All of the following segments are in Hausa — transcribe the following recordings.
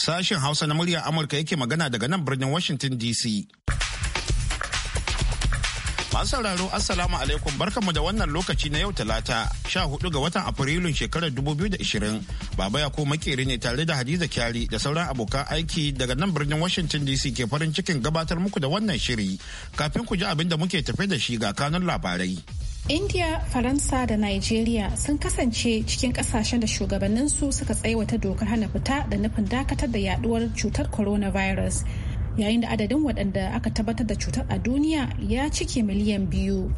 Sashen Hausa na muryar Amurka yake magana daga nan birnin Washington DC. Masu sauraro Assalamu alaikum barkanmu da wannan lokaci na yau talata 14 ga watan Afrilun shekarar 2020. Baba ya ko makeri ne tare da Hadiza Kyari da sauran abokan aiki daga nan birnin Washington DC ke farin cikin gabatar muku da wannan shiri. Kafin ku ji abin da muke tafe da shi ga kanun labarai. India, Faransa da Nigeria sun kasance cikin kasashen da shugabanninsu suka tsaiwata dokar hana fita da nufin dakatar da yaduwar cutar coronavirus. Yayin da adadin waɗanda aka tabbatar da cutar a duniya ya cike miliyan biyu.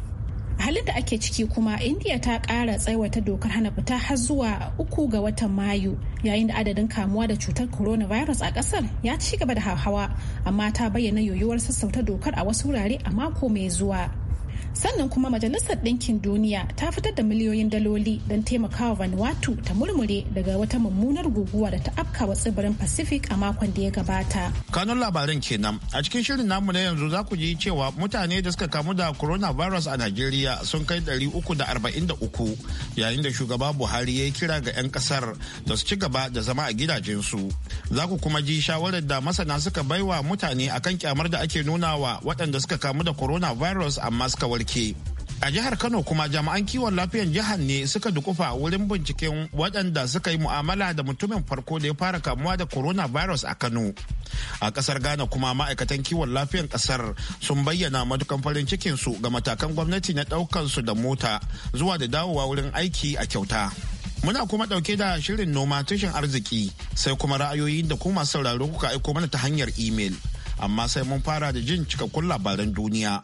A halin da ake ciki kuma India ta ƙara tsaiwata dokar hana fita har zuwa uku ga watan Mayu yayin da adadin kamuwa da cutar coronavirus a ƙasar ya ci gaba da hauhawa amma ta bayyana yoyuwar sassauta dokar a wasu wurare a mako mai zuwa. sannan kuma majalisar ɗinkin duniya ta fitar da miliyoyin daloli don taimakawa vanuatu ta murmure daga wata mummunar guguwa da ta afka wa tsibirin pacific a makon da ya gabata kanun labaran kenan a cikin shirin namu na yanzu za ku ji cewa mutane da suka kamu da coronavirus a nigeria sun kai ɗari uku da da arba'in uku yayin da shugaba buhari ya yi kira ga 'yan kasar da su ci gaba da zama a gidajensu za ku kuma ji shawarar da masana suka baiwa mutane akan kyamar da ake nuna wa waɗanda suka kamu da coronavirus amma suka wari a jihar kano kuma jami'an kiwon lafiyan jihar ne suka dukufa wurin binciken waɗanda suka yi mu'amala da mutumin farko da ya fara kamuwa da coronavirus a kano a ƙasar ghana kuma ma'aikatan kiwon lafiyan ƙasar sun bayyana matukan farin cikin su ga matakan gwamnati na ɗaukan su da mota zuwa da dawowa wurin aiki a kyauta muna kuma ɗauke da shirin noma tushen arziki sai kuma ra'ayoyin da kuma sauraro kuka aiko mana ta hanyar imel amma sai mun fara da jin cikakkun labaran duniya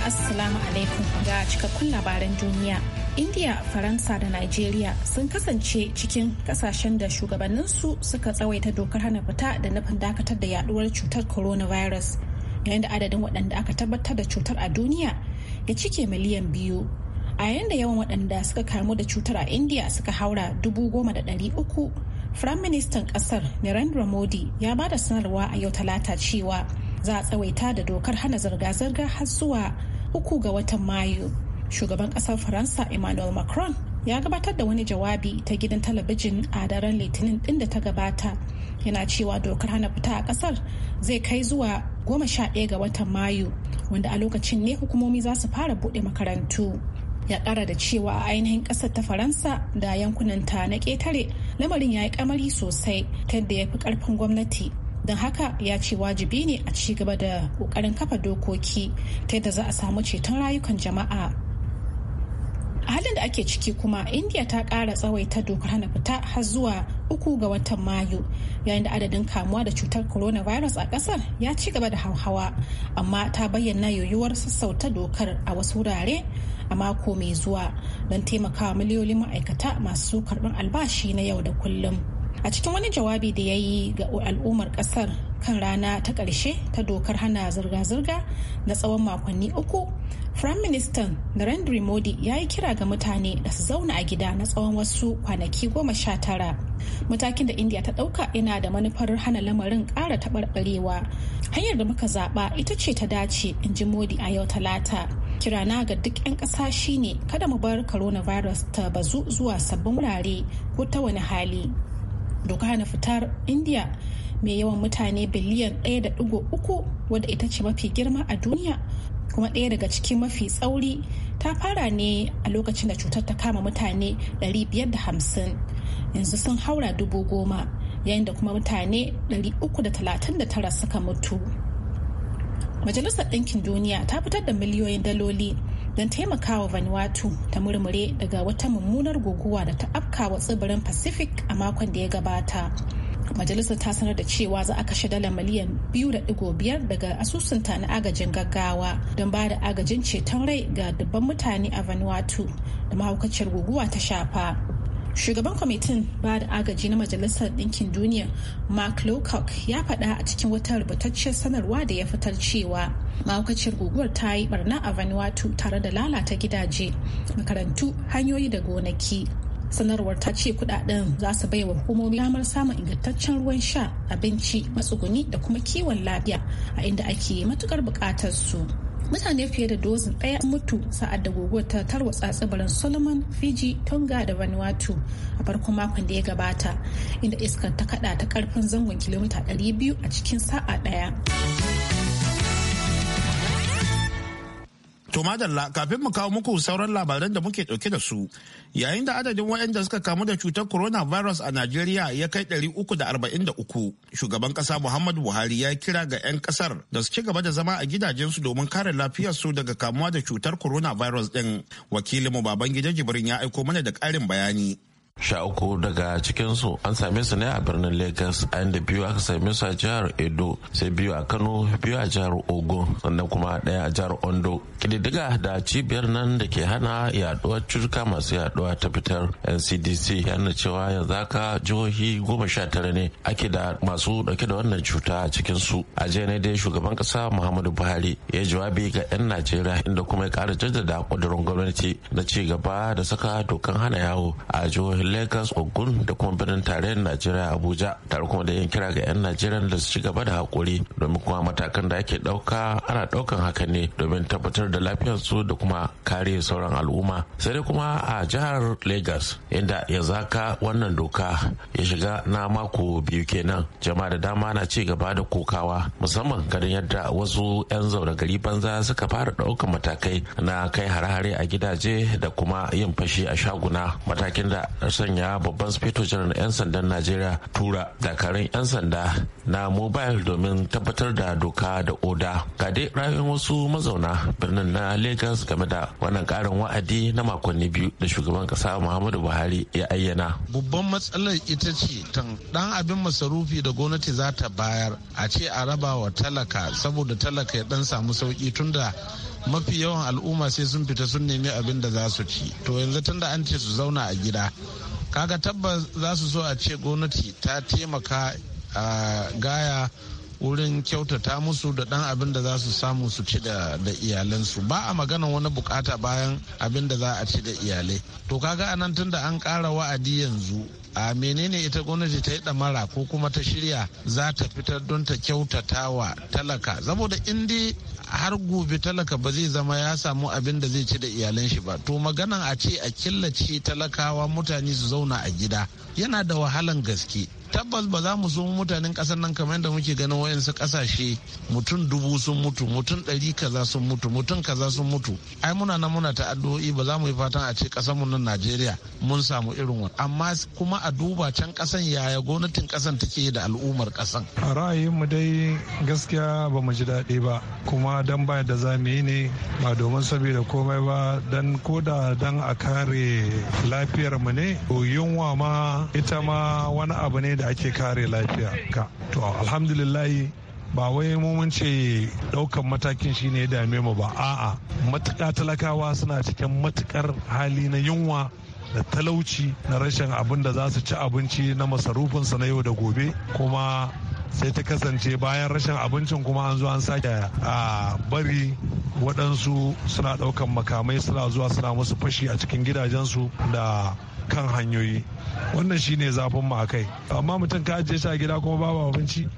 Assalamu alaikum ga cikakkun labaran duniya. India, Faransa da Nigeria sun kasance cikin kasashen da shugabanninsu suka tsawaita dokar hana fita da nufin dakatar da yaduwar cutar coronavirus yayin da adadin waɗanda aka tabbatar da cutar a duniya ya cike miliyan biyu. A yayin da yawan waɗanda suka kamu da cutar a India suka haura dubu goma da ɗari uku, Firaministan ƙasar Narendra Modi ya ba da sanarwa a yau talata cewa za a tsawaita da dokar hana zirga-zirga har zuwa uku ga watan mayu shugaban kasar faransa emmanuel macron ya gabatar da wani jawabi ta gidan talabijin a daren litinin din da ta gabata yana cewa dokar hana fita a kasar zai kai zuwa goma sha ɗaya ga watan mayu wanda a lokacin ne hukumomi za su fara buɗe makarantu ya ƙara da cewa a ainihin ƙasar ta faransa da yankunanta na ƙetare lamarin ya yi kamari sosai ta yadda ya fi ƙarfin gwamnati don haka ya ce wajibi ne a ci gaba da kokarin kafa dokoki ta yadda za a samu ceton rayukan jama'a a halin da ake ciki kuma india ta kara tsawaita dokar hana fita har zuwa uku ga watan mayu yayin da adadin kamuwa da cutar coronavirus a kasar ya ci gaba da hauhawa amma ta bayyana yoyuwar sassauta dokar a wasu wurare a mako mai zuwa don taimakawa miliyoyin ma'aikata masu karɓar albashi na yau da kullum a cikin wani jawabi da ya yi ga al'ummar kasar kan rana ta ƙarshe ta dokar hana zirga-zirga na tsawon makonni uku prime minister narendra modi ya yi kira ga mutane da su zauna a gida na tsawon wasu kwanaki goma sha tara matakin da india ta ɗauka yana da manufar hana lamarin ƙara taɓarɓarewa hanyar da muka zaɓa ita ce ta dace in ji modi a yau talata kirana ga duk 'yan ƙasa shine kada mu bar coronavirus ta bazu zuwa sabbin wurare ko ta wani hali doka na fitar indiya mai yawan mutane biliyan 1.3 wadda ita ce mafi girma a duniya kuma ɗaya daga cikin mafi tsauri ta fara ne a lokacin da cutar ta kama mutane 550 yanzu sun haura dubu goma yayin da kuma mutane 339 suka mutu majalisar ɗinkin duniya ta fitar da miliyoyin daloli don taimakawa Vanuatu ta murmure daga wata mummunar guguwa da ta afka wa tsibirin Pacific a makon da ya gabata. Majalisar ta sanar da cewa za a kashe dala miliyan 2.5 daga asusunta na agajin gaggawa don ba da agajin ceton rai ga dubban mutane a Vanuatu da mahaukaciyar guguwa ta shafa. shugaban kwamitin ba da agaji na majalisar ɗinkin duniya mark lowcock ya faɗa a cikin wata rubutacciyar sanarwa da ya fitar cewa mahaukaciyar guguwar ta yi barna a vanuatu tare da lalata gidaje makarantu hanyoyi da gonaki sanarwar ta ce kudaden za su wa hukumomi damar samun ingantaccen ruwan sha abinci matsuguni da kuma kiwon lafiya a inda ake matukar bukatar su mutane fiye da dozin ɗaya mutu sa'ad da guguwar ta tarwatsa tsibirin solomon fiji tonga da vanuatu a farkon makon da ya gabata inda iskar ta kada ta karfin zangon kilomita 200 a cikin sa'a ɗaya. To madalla kafin mu kawo muku sauran labaran da muke dauke da su yayin da adadin waɗanda suka kamu da cutar Corona Virus a Najeriya ya kai 343 shugaban ƙasa Muhammadu Buhari ya kira ga 'yan ƙasar da su ci gaba da zama a gidajensu domin kare lafiyarsu daga kamuwa da cutar coronavirus din wakilin mu baban gida Jibrin ya aiko mana da ƙarin bayani. sha uku daga cikinsu an same su ne a birnin lagos a inda biyu aka same su a jihar edo sai biyu a kano biyu a jihar ogun sannan kuma daya a jihar ondo kididdiga da cibiyar nan da ke hana yaduwar cutuka masu yaduwa ta fitar ncdc yana cewa yanzu haka jihohi goma sha tara ne ake da masu dauke da wannan cuta a cikinsu a jiya ne dai shugaban kasa muhammadu buhari ya jawabi ga 'yan najeriya inda kuma ya kara jaddada kudurin gwamnati na ci gaba da saka dokan hana yawo a jihohi jihohin lagos ogun da kuma birnin tarayyar najeriya abuja tare kuma da yin kira ga 'yan najeriya da su ci gaba da haƙuri domin kuma matakan da ake ɗauka ana ɗaukan haka ne domin tabbatar da lafiyarsu da kuma kare sauran al'umma sai dai kuma a jihar lagos inda ya zaka wannan doka ya shiga na mako biyu kenan jama'a da dama na ci gaba da kokawa musamman ganin yadda wasu 'yan zaune gari banza suka fara ɗaukan matakai na kai hare-hare a gidaje da kuma yin fashi a shaguna matakin da sanya babban speto janar 'yan sandan najeriya tura dakarun 'yan sanda na mobile domin tabbatar da doka da oda ga dai rayuwar wasu mazauna birnin na lagos game da wannan karin wa'adi na makonni biyu da shugaban kasa muhammadu buhari ya ayyana babban matsalar ita ce tan dan abin masarufi da gwamnati za ta bayar a ce a raba wa talaka saboda talaka ya dan samu sauki tunda mafi yawan al'umma sai sun fita sun nemi abin da za su ci to yanzu tunda an ce su zauna a gida kaga tabbas za su so a ce gwamnati ta taimaka a gaya wurin kyautata musu da dan abin da za su samu su ci da iyalansu ba a magana wani bukata bayan abin da za a ci da iyalai to kaga anan tunda an ƙara wa'adi yanzu a menene ita gwamnati ta yi damara ko kuma ta shirya za ta fitar don ta kyautata wa talaka saboda indi har gobe talaka ba zai zama ya samu abin da zai ci da iyalan shi ba to maganan a ce a killace talakawa mutane su zauna a gida yana da wahalan gaske tabbas ba za mu so mutanen kasar nan kamar yadda muke ganin wayansu kasashe mutum dubu sun mutu mutum ɗari kaza sun mutu mutum kaza sun mutu ai muna nan muna ta addu'o'i ba za mu yi fatan a ce kasar mu nan Najeriya mun samu irin wani amma kuma a duba can kasan yaya gwamnatin kasan take da al'ummar kasan a ra'ayin mu dai gaskiya ba mu ji daɗi ba kuma dan baya da za mu yi ne ba domin saboda komai ba dan koda dan a kare lafiyar mu ne yunwa ma ita ma wani abu ne da ake kare lafiya ka to alhamdulillah ba wai mun ce daukan matakin shi ne dame mu ba a'a matuƙa talakawa suna cikin matuƙar hali na yunwa da talauci na rashin abin da za su ci abinci na masarufinsa na yau da gobe kuma sai ta kasance bayan rashin abincin kuma an zo an sake a bari waɗansu suna ɗaukan makamai suna zuwa suna musu fashi a cikin gidajensu da kan hanyoyi wannan shine zafin mu akai amma mutum ka ajiye shi a gida kuma babu abinci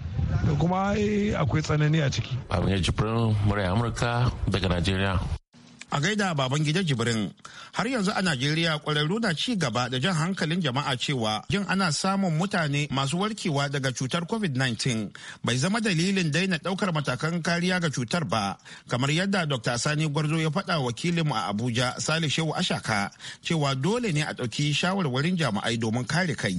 da kuma eh, akwai tsanani a ciki. ji firin murya Amurka daga Najeriya. A gaida baban gida Jibrin, har yanzu a Najeriya kwararru na ci gaba da jan hankalin jama'a cewa jin ana samun mutane masu warkewa daga cutar COVID-19 bai zama dalilin daina daukar matakan kariya ga cutar ba, kamar yadda Dr. Sani Gwarzo ya faɗa wakilinmu a Abuja Sale Shehu Ashaka cewa dole ne a ɗauki shawarwarin jama'ai domin kare kai.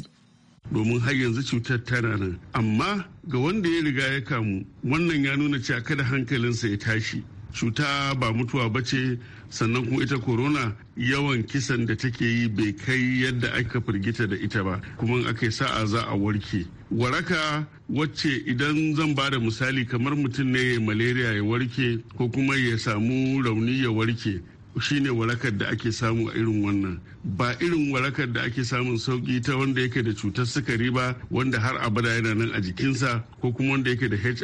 domin har yanzu cutar tana nan amma ga wanda ya riga ya kamu wannan ya nuna cewa kada hankalinsa ya tashi cuta ba mutuwa ba ce sannan kuma ita corona yawan kisan da take yi bai kai yadda aka firgita da ita ba kuma aka a za a warke waraka wacce idan zan ba da misali kamar mutum ne ya malaria ya warke ko kuma ya samu rauni ya warke shine warakar da ake samu a irin wannan ba irin warakar da ake samun sauki ta wanda yake da cutar sukari ba wanda har abada yana nan a jikinsa ko kuma wanda yake da hiv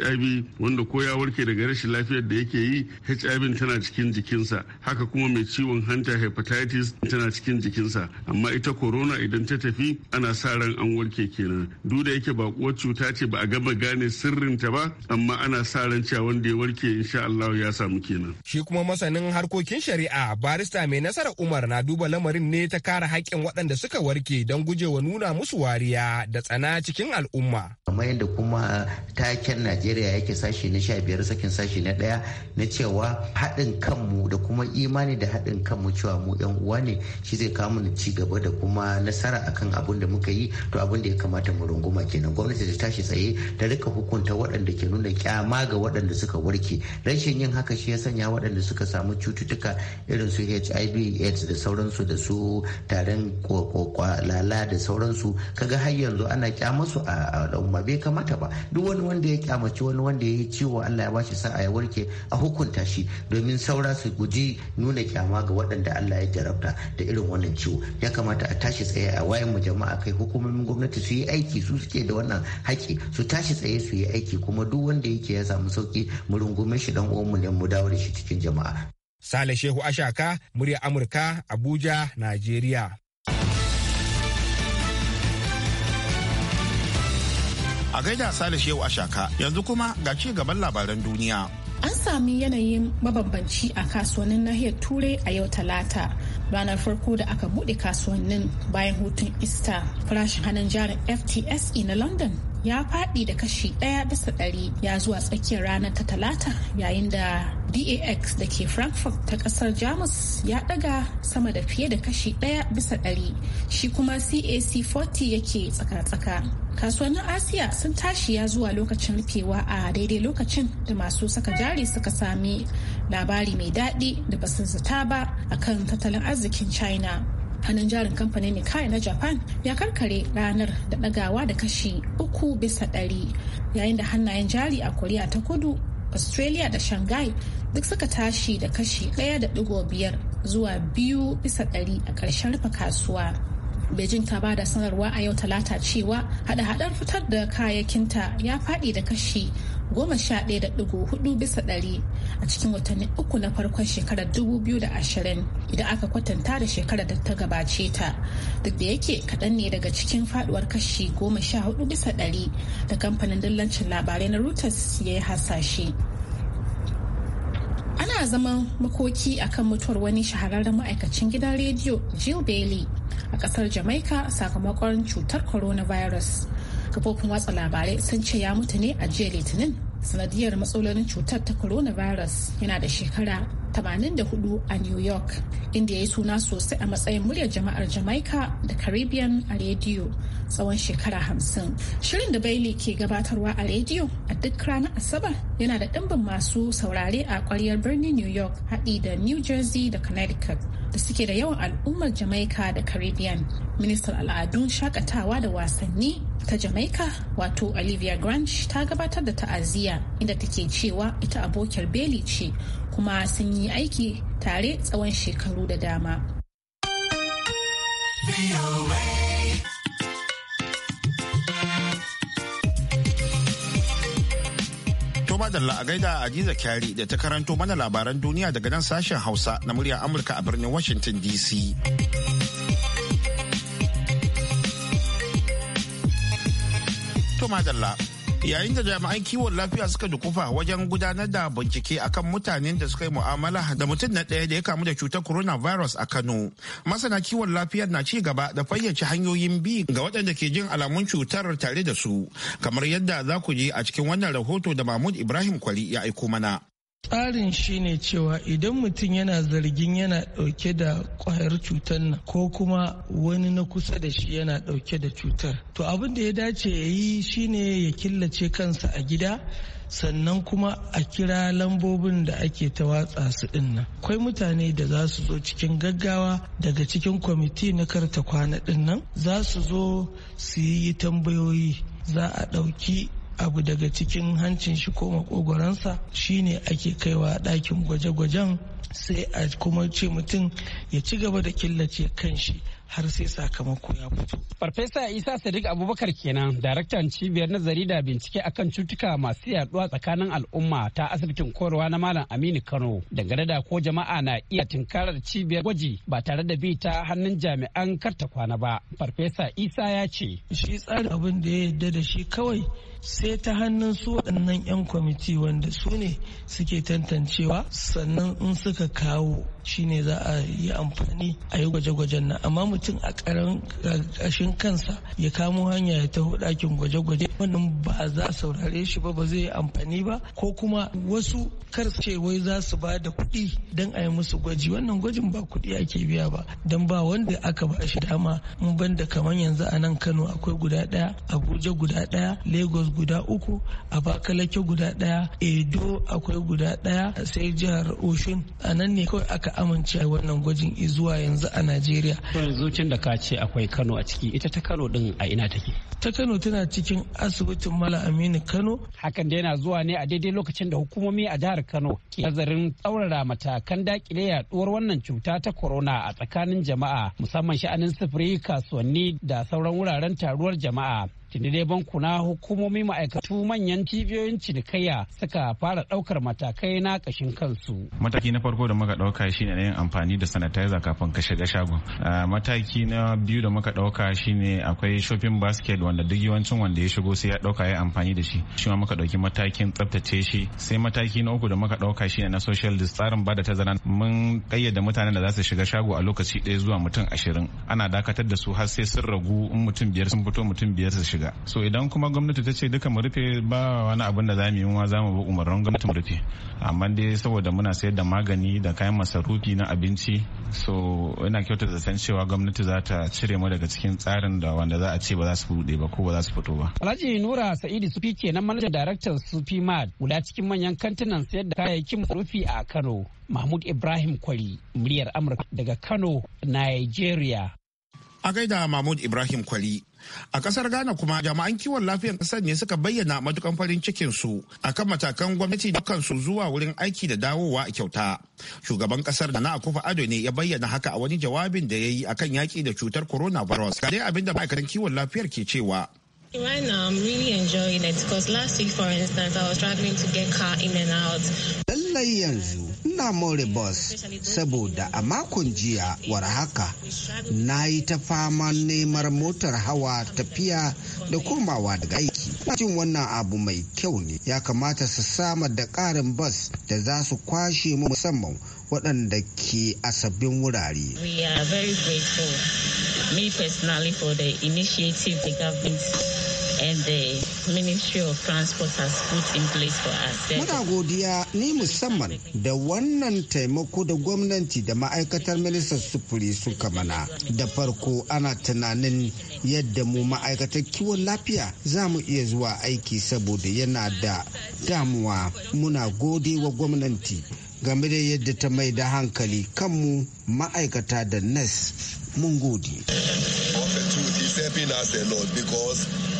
wanda ko ya warke daga rashin lafiyar da yake yi hiv tana cikin jikinsa haka kuma mai ciwon hanta hepatitis tana cikin jikinsa amma ita corona idan ta tafi ana sa ran an warke kenan duk da yake bakuwar cuta ce ba a gama gane sirrin ta ba amma ana sa ran cewa wanda ya warke insha Allah ya samu kenan shi kuma masanin harkokin shari'a barista mai nasara Umar na duba lamarin ne ta kare haƙƙin waɗanda suka warke don gujewa nuna musu wariya da tsana cikin al'umma. Kamar yadda kuma taken Najeriya yake sashi na sha biyar sakin sashi na ɗaya na cewa haɗin kanmu da kuma imani da haɗin kanmu cewa mu yan uwa ne shi zai kawo mana ci gaba da kuma nasara akan abin da muka yi to abin da ya kamata mu runguma kenan gwamnati ta tashi tsaye ta rika hukunta waɗanda ke nuna kyama ga waɗanda suka warke rashin yin haka shi ya sanya waɗanda suka samu cututtuka irin su HIV AIDS da sauransu da su taren kwakwalala da sauransu kaga har yanzu ana kyamasu a al'umma bai kamata ba duk wani wanda ya kyamaci wani wanda ya yi ciwo Allah ya bashi sa'a ya warke a hukunta shi domin saura su guji nuna kyama ga waɗanda Allah ya jarabta da irin wannan ciwo ya kamata a tashi tsaye a wayan mu jama'a kai hukumomin gwamnati su yi aiki su suke da wannan haƙƙi su tashi tsaye su yi aiki kuma duk wanda yake ya samu sauki mu rungume shi dan uwan mu ne mu dawo da shi cikin jama'a Sale Shehu Ashaka, murya Amurka, Abuja, Najeriya. A gaida Sale Shehu Ashaka, yanzu kuma ga ci gaban labaran duniya. An sami yanayin mabambanci a kasuwannin nahiyar Turai a yau Talata. Ranar farko da aka buɗe kasuwannin bayan hutun Easter, farashin hannun jarin FTSE na London ya faɗi da kashi ɗaya bisa ɗari ya zuwa tsakiyar ranar ta talata yayin da DAX da ke Frankfurt ta kasar Jamus ya ɗaga sama da fiye da kashi ɗaya bisa ɗari shi kuma CAC 40 yake tsaka-tsaka. Kasuwannin Asiya sun tashi ya zuwa lokacin rufewa a daidai lokacin da masu saka jari suka sami labari mai daɗi da basu zata ba akan tattalin arzikin China. hannun jarin kamfanin Nikai na Japan ya karkare ranar da ɗagawa da kashi uku bisa ɗari yayin da hannayen jari a Koriya ta kudu, Australia da Shanghai duk suka tashi da kashi ɗaya da ɗigo biyar zuwa biyu bisa ɗari a ƙarshen rufe kasuwa. beijing ta ba da sanarwa a yau talata cewa hada-hadar fitar da kayayyakinta ya faɗi da kashi goma sha da ɗigo hudu bisa ɗari a cikin watanni uku na farkon shekarar dubu da ashirin idan aka kwatanta da shekarar da ta gabace ta duk da yake kaɗan ne daga cikin faduwar kashi goma sha hudu bisa ɗari da kamfanin dillancin labarai na reuters ya yi hasashe ana zaman makoki akan mutuwar wani shahararren ma'aikacin gidan rediyo jill bailey a kasar Jamaica sakamakon cutar coronavirus. Kafofin watsa labarai sun ce ya mutu ne a jiya Litinin sanadiyar matsalolin cutar ta coronavirus yana da shekara 84 a New York, inda ya yi suna sosai a matsayin muryar jama'ar Jamaica da Caribbean a rediyo tsawon shekara hamsin. Shirin da Bailey ke gabatarwa a rediyo a duk ranar Asabar yana da ɗimbin masu saurare a ƙwaryar birnin New York haɗi da New Jersey da Connecticut da suke da yawan al'ummar Jamaica da Caribbean. Ministan al'adun shakatawa da wasanni ta Jamaica wato Olivia Grange ta gabatar da ta'aziyya inda take cewa ita abokiyar Bailey ce kuma sun yi yi aiki tare tsawon shekaru da dama. Toma la a gaida Hadiza Kyari da ta karanto mana labaran duniya daga nan sashen Hausa na murya Amurka a birnin Washington DC. Toma la. yayin da jami'an kiwon lafiya suka dukufa wajen gudanar da bincike akan mutanen da suka yi mu'amala da mutum na ɗaya da ya kamu da cutar coronavirus a kano masana kiwon lafiya na ci gaba da fayyace hanyoyin bi ga waɗanda ke jin alamun cutar tare da su kamar yadda za ku ji a cikin wannan rahoto da mahmud ibrahim kwali ya aiko mana tsarin shi ne cewa idan mutum yana zargin yana dauke da kwayar cutar nan ko kuma wani na kusa da shi yana dauke da cutar to abin da ya dace ya yi shi ne ya killace kansa a gida sannan kuma a kira lambobin da ake ta watsa su din nan akwai mutane da za su zo cikin gaggawa daga cikin kwamiti na karta kwana din nan za su zo su yi tambayoyi za a ɗauki abu daga cikin hancin shi ko makogoransa shine ake kaiwa dakin gwaje-gwajen sai a kuma ce mutum ya ci gaba da killace kanshi har sai sakamako ya fito. Farfesa Isa Sadiq Abubakar kenan, daraktan cibiyar nazari da bincike akan cutuka masu yaduwa tsakanin al'umma ta asibitin koyarwa na Malam Aminu Kano. Dangane da ko jama'a na iya tunkarar cibiyar gwaji ba tare da bi ta hannun jami'an karta kwana ba. Farfesa Isa ya ce. Shi tsarin abin da ya yadda da shi kawai sai ta hannun su waɗannan 'yan kwamiti wanda su ne suke tantancewa sannan in suka kawo shine za a yi amfani a yi gwaje-gwajen nan amma mutum a ƙashin kansa ya kamo hanya ya taho ɗakin gwaje-gwaje wannan ba za a saurare shi ba ba zai yi amfani ba ko kuma wasu kar ce wai za su ba da kuɗi don a yi musu gwaji wannan gwajin ba kuɗi ake biya ba don ba wanda aka ba shi dama in ban da kamar yanzu a nan kano akwai guda ɗaya abuja guda ɗaya lagos guda uku a abakalake guda daya edo akwai guda daya sai jihar oshun a nan ne kawai aka amince a wannan gwajin zuwa yanzu a najeriya yanzu da ka ce akwai kano a ciki ita ta kano din a ina take ta kano tana cikin asibitin mala aminu kano hakan da yana zuwa ne a daidai lokacin da hukumomi a jihar kano ke nazarin tsaurara matakan dakile yaduwar wannan cuta ta corona a tsakanin jama'a musamman sha'anin sufuri kasuwanni da sauran wuraren taruwar jama'a tunda dai bankuna hukumomi ma'aikatu manyan cibiyoyin cinikayya suka fara daukar matakai na kashin kansu mataki na farko da muka dauka shine yin amfani da sanitizer kafin ka shiga shago. mataki na biyu da muka dauka shine akwai shopping basket wanda duk yawancin wanda ya shigo sai ya dauka ya amfani da shi shi ma muka dauki matakin tsaftace shi sai mataki na uku da muka dauka shine na social distance tsarin bada tazara mun kayyade mutanen da za su shiga shago a lokaci ɗaya zuwa mutum ashirin ana dakatar da su har sai sun ragu in mutum biyar sun fito mutum biyar su shiga so idan kuma gwamnati ta ce duka mu rufe ba wani abin da za mu yi mu za mu bi umarnin gwamnati mu rufe amma dai saboda muna sayar da magani da kayan masarufi na abinci so ina kyautata san cewa gwamnati za ta cire mu daga cikin tsarin da wanda za a ce ba za su buɗe ba ko ba za su fito ba. Alhaji Nura Sa'idu Sufi kenan manajan daraktan Sufi Mad guda cikin manyan kantinan sayar da kayayyakin masarufi a Kano. Mahmud Ibrahim Kwari, muryar Amurka daga Kano, Nigeria. A gaida Mahmud Ibrahim Kwali. A kasar Ghana kuma jama'an kiwon lafiyar kasar ne suka bayyana matukan farin cikin su akan matakan gwamnati da kansu zuwa wurin aiki da dawowa a kyauta. Shugaban kasar Nana kufa Ado ne ya bayyana haka a wani jawabin da ya yi akan yaki da cutar coronavirus. Ga dai abin da ma'aikatan kiwon lafiyar ke cewa. Right now, I'm really enjoying it because last week, for instance, I was struggling to get car in and out. Lallai yanzu na more bus saboda a makon jiya war haka na yi ta fama neman motar hawa tafiya da komawa daga aiki. Jin wannan abu mai kyau ne ya kamata su sama da ƙarin bus da za su kwashe mu musamman waɗanda ke a sabbin wurare. Me personally for the initiative the government and the Muna godiya ni musamman da wannan taimako da gwamnati da ma'aikatar ministan sufuri suka mana. Da farko ana tunanin yadda mu ma'aikatar kiwon lafiya za mu iya zuwa aiki saboda yana da damuwa. Muna gode wa gwamnati game da yadda ta mai da hankali kanmu ma'aikata da nas mun gode.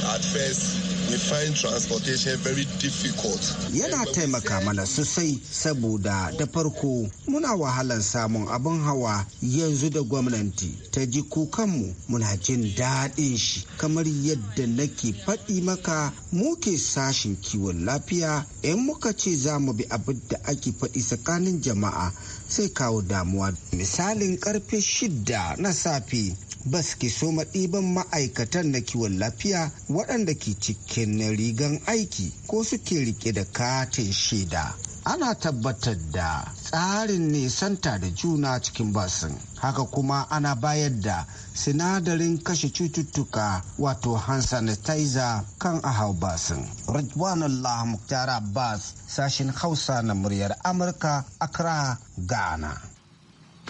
At first, we find transportation very difficult. Yana taimaka mana sosai saboda da farko muna wahalar samun abin hawa yanzu da gwamnati ta ji kukanmu muna jin daɗin shi kamar yadda nake faɗi maka mu ke sashin kiwon lafiya in muka ce za mu bi abin da ake faɗi tsakanin jama'a sai kawo damuwa misalin karfe shidda na safe ba ke so ɗiban ma'aikatan na kiwon lafiya waɗanda ke cikin rigan aiki ko suke rike da katin shaida ana tabbatar da tsarin nisanta da juna cikin basin haka kuma ana bayar da sinadarin kashe cututtuka wato hand sanitizer kan ahau basin Allah muktar abbas sashin hausa na muryar amurka accra ghana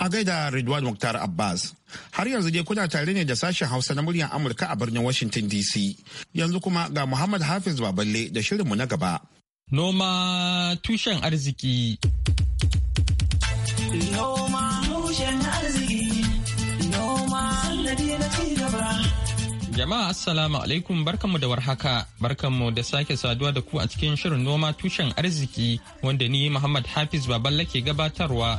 A gaida Ridwan Mukhtar Abbas. Har yanzu dai kuna tare ne da sashen Hausa na muryar Amurka a birnin Washington DC. Yanzu kuma ga Muhammad Hafiz Baballe da shirinmu na gaba. Noma tushen arziki. Noma tushen arziki. Noma Jama'a Assalamu alaikum barkanmu da warhaka barkanmu da sake saduwa da ku a cikin shirin noma tushen arziki wanda ni Muhammad Hafiz baballe ke gabatarwa.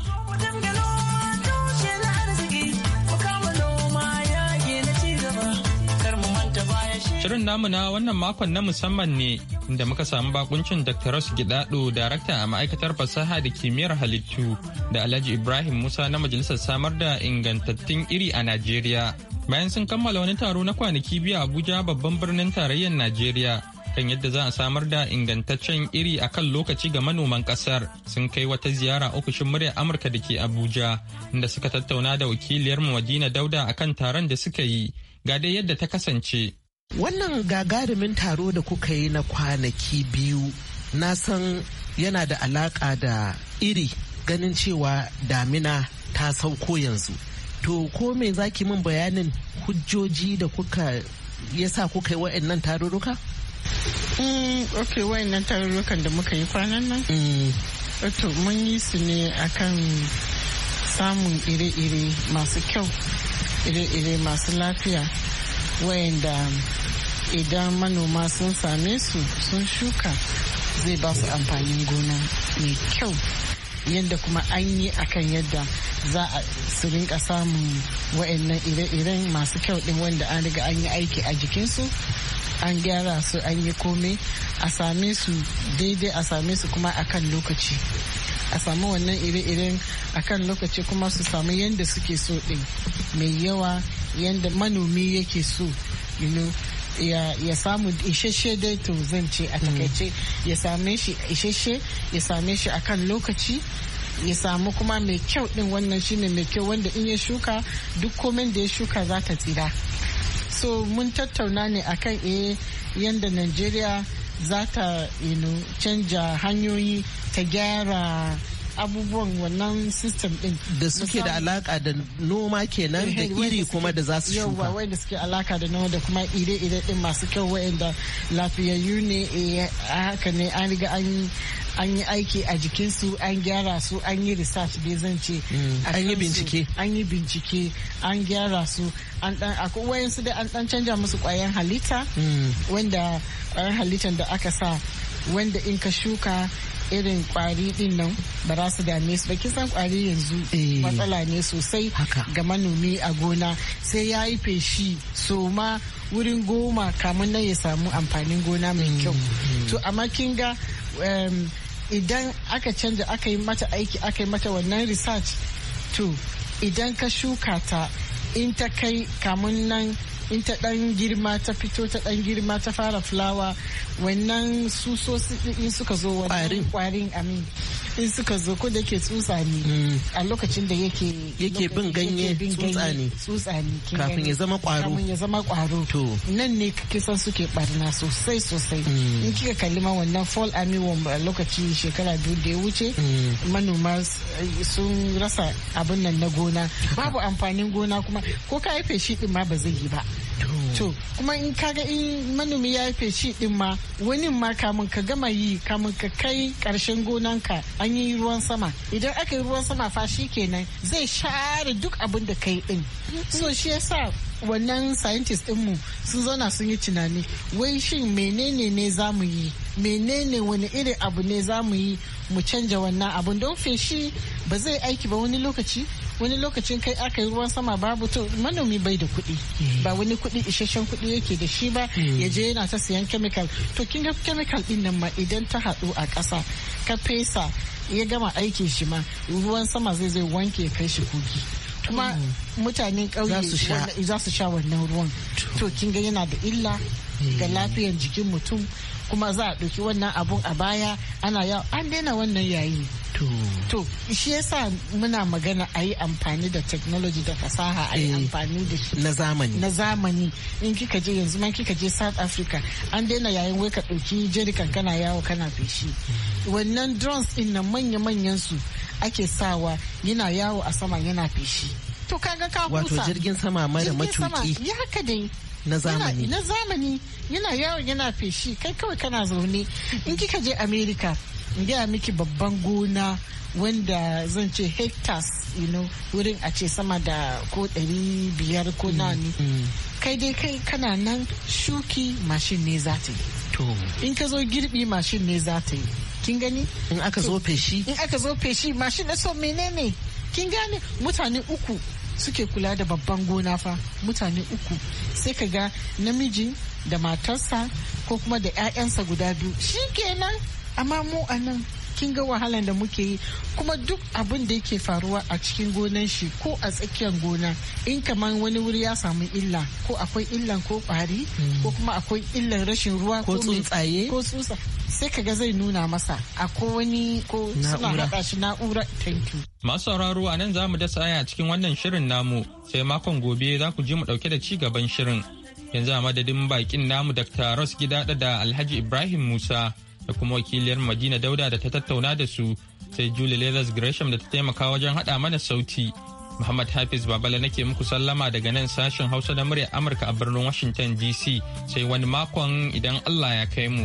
Shirin namu na wannan makon na musamman ne inda muka samu bakuncin Dr. Ross Gidado, darakta a ma'aikatar fasaha da kimiyyar halittu da Alhaji Ibrahim Musa na majalisar samar da ingantattun iri a Najeriya. Bayan sun kammala wani taro na kwanaki biyu a Abuja babban birnin tarayyar Najeriya kan yadda za a samar da ingantaccen iri a kan lokaci ga manoman kasar sun kai wata ziyara ofishin muryar Amurka da ke Abuja inda suka tattauna da wakiliyar Madina Dauda a kan taron da suka yi ga dai yadda ta kasance. Wannan gagarumin taro da kuka yi na kwanaki biyu na san yana da alaƙa da iri ganin cewa damina ta sauko yanzu. To ko me zaki min bayanin hujjoji da kuka yasa kuka yi wa'annan tarurruka? Mm, ok wa'annan tarurukan da muka yi kwanan nan? Mm. mun yi su ne akan samun ire-ire masu kyau, ire-ire masu lafiya. wayanda idan manoma sun same su sun shuka zai ba su amfanin gona mai kyau yadda kuma an yi akan yadda za a rinka samun wayannan ire-iren masu kyau din wanda an riga an yi aiki a jikinsu an gyara su an yi komai a same su daidai a same su kuma akan lokaci a samu wannan ire-iren kan lokaci kuma su samu yadda suke so din mai yawa yadda manomi yake so ya samu isasshe dai to zan ce a takaice mm. ya same shi isasshe ya same shi akan lokaci ya samu kuma mai kyau din wannan shine mai kyau wanda in ya shuka duk komen da ya shuka za ta tsira so mun tattauna ne akan eh yadda najeriya za ta canja hanyoyi ta gyara abubuwan wannan system din da suke da alaka da noma kenan da eh, iri kuma da za su shuka yawa wanda suke alaka da noma da kuma ire-ire din masu kyau wa'anda lafiyayyu ne a eh, haka ne an riga an an yi aiki a jikinsu an gyara su an yi research bai zan ce mm, an yi bincike an yi bincike an gyara su an dan akwai wayansu da an dan canja musu kwayan halitta mm. wanda kwayan halittar da aka sa wanda in ka shuka irin kwari din nan ba za su dame su ba kisan kwari yanzu eh. matsala ne sosai ga manomi a gona sai ya yi feshi so ma wurin goma kamun nan ya samu amfanin gona mai mm, kyau mm. to amma kin ga idan aka canja aka yi mata aiki aka yi mata wannan research to idan ka shuka ta in ta kai kamun nan in ta dan girma ta fito ta dan girma ta fara fulawa wannan suso in suka zo wannan kwarin amin in suka zo ko da ke tsutsa ne mm. a lokacin da yake yake bin ganye tsutsa ne tsutsa ne kafin ya zama kwaro kafin ya zama kwaro to nan ne kisan suke barna sosai sosai mm. in kika kalli ma wannan fall armyworm a lokacin shekara biyu da ya wuce mm. manoma sun rasa abin nan na gona babu amfanin gona kuma ko ka yi feshi din ma ba zai yi ba to kuma in kaga in manomi ya yi feshi din ma wani ma kamun ka gama yi kamun ka kai karshen gonanka an yi ruwan sama idan aka yi ruwan sama fa shi kenan zai share duk abin da kai din so shi yasa wannan scientist mu sun zauna sun yi tunani wai shin menene ne za mu yi menene wani irin abu ne za mu yi mu canja wannan abun don feshi ba zai aiki ba wani lokaci wani lokacin kai aka yi ruwan sama babu to manomi bai da kuɗi eh. ba wani kuɗi isasshen kuɗi yake da shi ba eh. ya je yana ta siyan chemical to kin ga chemical din nan ma idan ta haɗu a ƙasa ka fesa ya gama aikin shi ma ruwan sama zai zai wanke kai shi kogi kuma mm. mutanen ƙauye za su sha wannan ruwan to kin ga yana da illa eh. ga lafiyar jikin mutum kuma za a ɗauki wannan abun a baya ana yawa an daina wannan yayi to shi yasa muna magana a yi amfani da technology da fasaha a yi eh, amfani da shi na zamani na zamani in kika je yanzu ma kika je south africa an daina yayin wai ka ɗauki jerikan kana yawo kana feshi wannan drones din nan manya-manyan su ake sawa yana yawo a sama yana feshi to kaga ka kusa wato jirgin sama mara matuki ya haka dai na zamani na zamani yana yawon yana feshi kai kawai kana zaune in kika je america gaya miki babban gona wanda zan ce hectares you know wurin a ce sama da ko ɗari biyar ko mm, nani mm. kai dai kai kana nan shuki mashin ne za ta yi in ka zo girbi mashin ne za ta yi kin gani in aka zo feshi in aka zo feshi mashin na so menene kin gani mutane uku suke kula da babban gona fa mutane uku sai ka ga namiji da matarsa ko kuma da 'ya'yansa guda biyu shi kenan amma mu a nan kin ga wahalan da muke yi kuma duk abin da yake faruwa a cikin gonan shi ko a tsakiyar gona in kamar wani wuri ya samu illa ko akwai illan ko kwari ko mm. kuma akwai illan rashin ruwa ko tsuntsaye ko sai ka ga zai nuna masa a ko wani ko suna haɗa shi na'ura thank Masu sauraro a nan za mu dasa aya cikin wannan shirin namu sai makon gobe za ku ji mu ɗauke da ci gaban shirin. Yanzu a madadin bakin namu Dr. Ross gida da Alhaji Ibrahim Musa da kuma wakiliyar Madina Dauda da ta tattauna da su sai Julie Leathers Gresham da ta taimaka wajen haɗa mana sauti. Muhammad Hafiz Babala nake muku sallama daga nan sashen Hausa na muryar Amurka a birnin Washington DC sai wani makon idan Allah ya kai mu.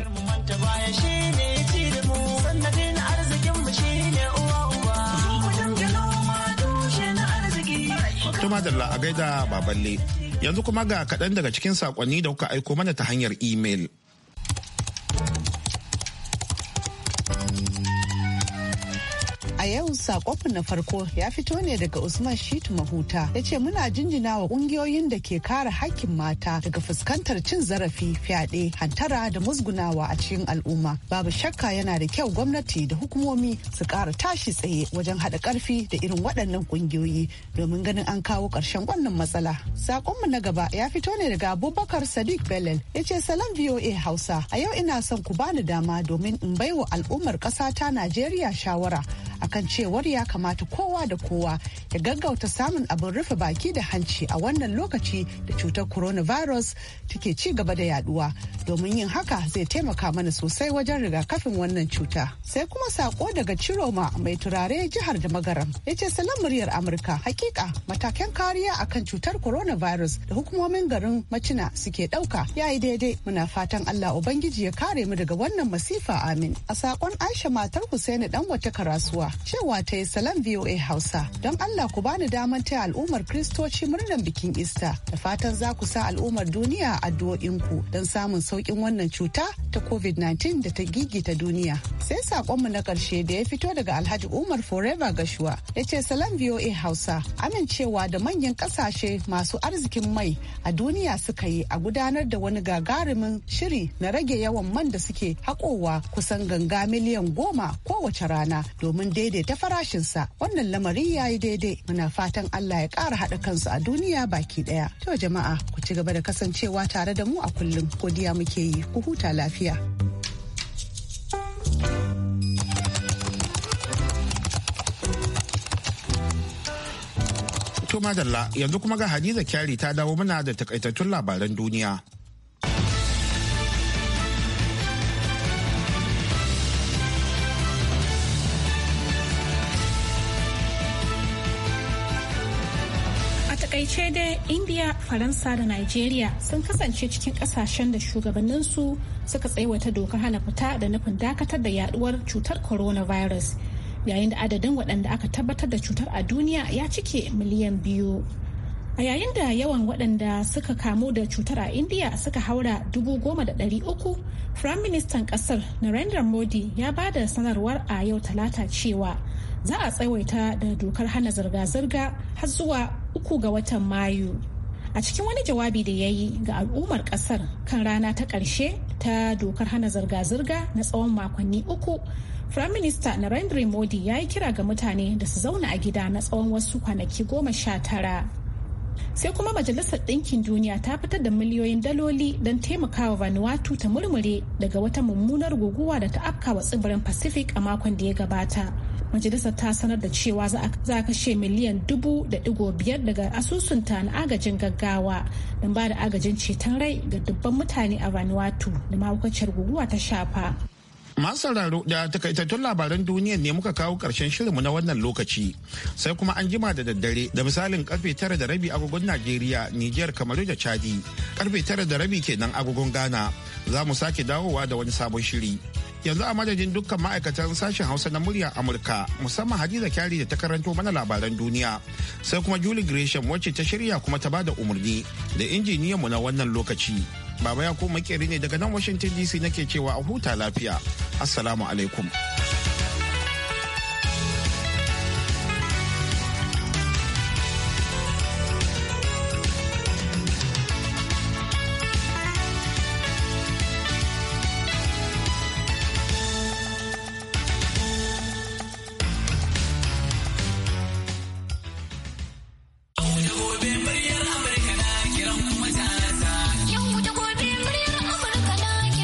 Tuma da a gaida baballe yanzu kuma ga kaɗan daga cikin saƙonni da kuka aiko mana ta hanyar imel. sakonmu na farko ya fito ne daga Usman Shitu Mahuta. Ya ce muna jinjina wa kungiyoyin da ke kare hakkin mata daga fuskantar cin zarafi, fyaɗe, hantara da musgunawa a cikin al'umma. Babu shakka yana da kyau gwamnati da hukumomi su kara tashi tsaye wajen haɗa ƙarfi da irin waɗannan kungiyoyi domin ganin an kawo ƙarshen wannan matsala. Sakonmu na gaba ya fito ne daga Abubakar Sadiq Belal. Ya ce salam VOA Hausa. A yau ina son ku bani dama domin in baiwa al'ummar ƙasa ta Najeriya shawara akan cewar ya kamata kowa da kowa ya gaggauta samun abin rufe baki da hanci a wannan lokaci da cutar coronavirus take ci gaba da yaduwa domin yin haka zai taimaka mana sosai wajen rigakafin wannan cuta sai kuma sako daga ciroma mai turare jihar da magaram ya ce salon muryar amurka hakika matakan kariya akan cutar coronavirus da hukumomin garin macina suke dauka yi daidai muna fatan allah ubangiji ya kare mu daga wannan masifa amin a sakon aisha matar husaini dan wata karasuwa cewa ta yi salon VOA Hausa. Don Allah ku bani damar taya al'ummar Kristoci murnar bikin Ista. Da fatan za ku sa al'ummar duniya addu'o'inku don samun saukin wannan cuta ta COVID-19 da ta gigita duniya. Sai saƙonmu na ƙarshe da ya fito daga Alhaji Umar Forever Gashuwa ya ce salon VOA Hausa amincewa da manyan ƙasashe masu arzikin mai a duniya suka yi a gudanar da wani gagarumin shiri na rage yawan man da suke haƙowa kusan ganga miliyan goma kowace rana domin daidaita farashinsa wannan lamari ya yi daidai muna fatan allah ya ƙara haɗa kansu a duniya baki ɗaya to jama'a ku ci gaba da kasancewa tare da mu a kullum godiya muke yi ku huta lafiya. To madalla yanzu kuma ga Hadiza Kyari ta dawo muna da takaitattun labaran duniya. ƙarshe dai india faransa da nigeria sun kasance cikin kasashen da shugabanninsu suka tsaiwata dokar hana fita da nufin dakatar da yaduwar cutar coronavirus yayin da adadin waɗanda aka tabbatar da cutar a duniya ya cike miliyan biyu a yayin da yawan waɗanda suka kamu da cutar a india suka haura dubu goma da ɗari uku firaministan ƙasar narendra modi ya ba da sanarwar a yau talata cewa za a tsawaita da dokar hana zirga-zirga har zuwa uku ga watan mayu a cikin wani jawabi da ya yi ga al'ummar kasar kan rana ta ƙarshe ta dokar hana zirga-zirga na tsawon makonni uku prime minister narendra modi ya yi kira ga mutane da su zauna a gida na tsawon wasu kwanaki goma sha tara sai kuma majalisar ɗinkin duniya ta fitar da miliyoyin daloli don taimakawa vanuatu ta murmure daga wata mummunar guguwa da ta afka wa tsibirin pacific a makon da ya gabata majalisar ta sanar da cewa za a kashe miliyan dubu da digo biyar daga asusunta na agajin gaggawa don ba da agajin ceton rai ga dubban mutane a vanuatu da mahaukaciyar guguwa ta shafa Masu da takaitattun labaran duniya ne muka kawo karshen shirinmu na wannan lokaci. Sai kuma an jima da daddare da misalin karfe tara da rabi agogon Najeriya, Nijiyar, Kamaru da Chadi. Karfe tara da rabi kenan agogon Ghana. Za mu sake dawowa da wani sabon shiri. Yanzu a madadin dukkan ma'aikatan sashen Hausa na muryar Amurka, musamman Hadiza Kyari da ta karanto mana labaran duniya. Sai kuma Julie Gresham wacce ta shirya kuma ta bada umarni da injiniyanmu na wannan lokaci. Baba yakubu makeri ne daga nan Washington DC nake cewa a huta lafiya. Assalamu alaikum.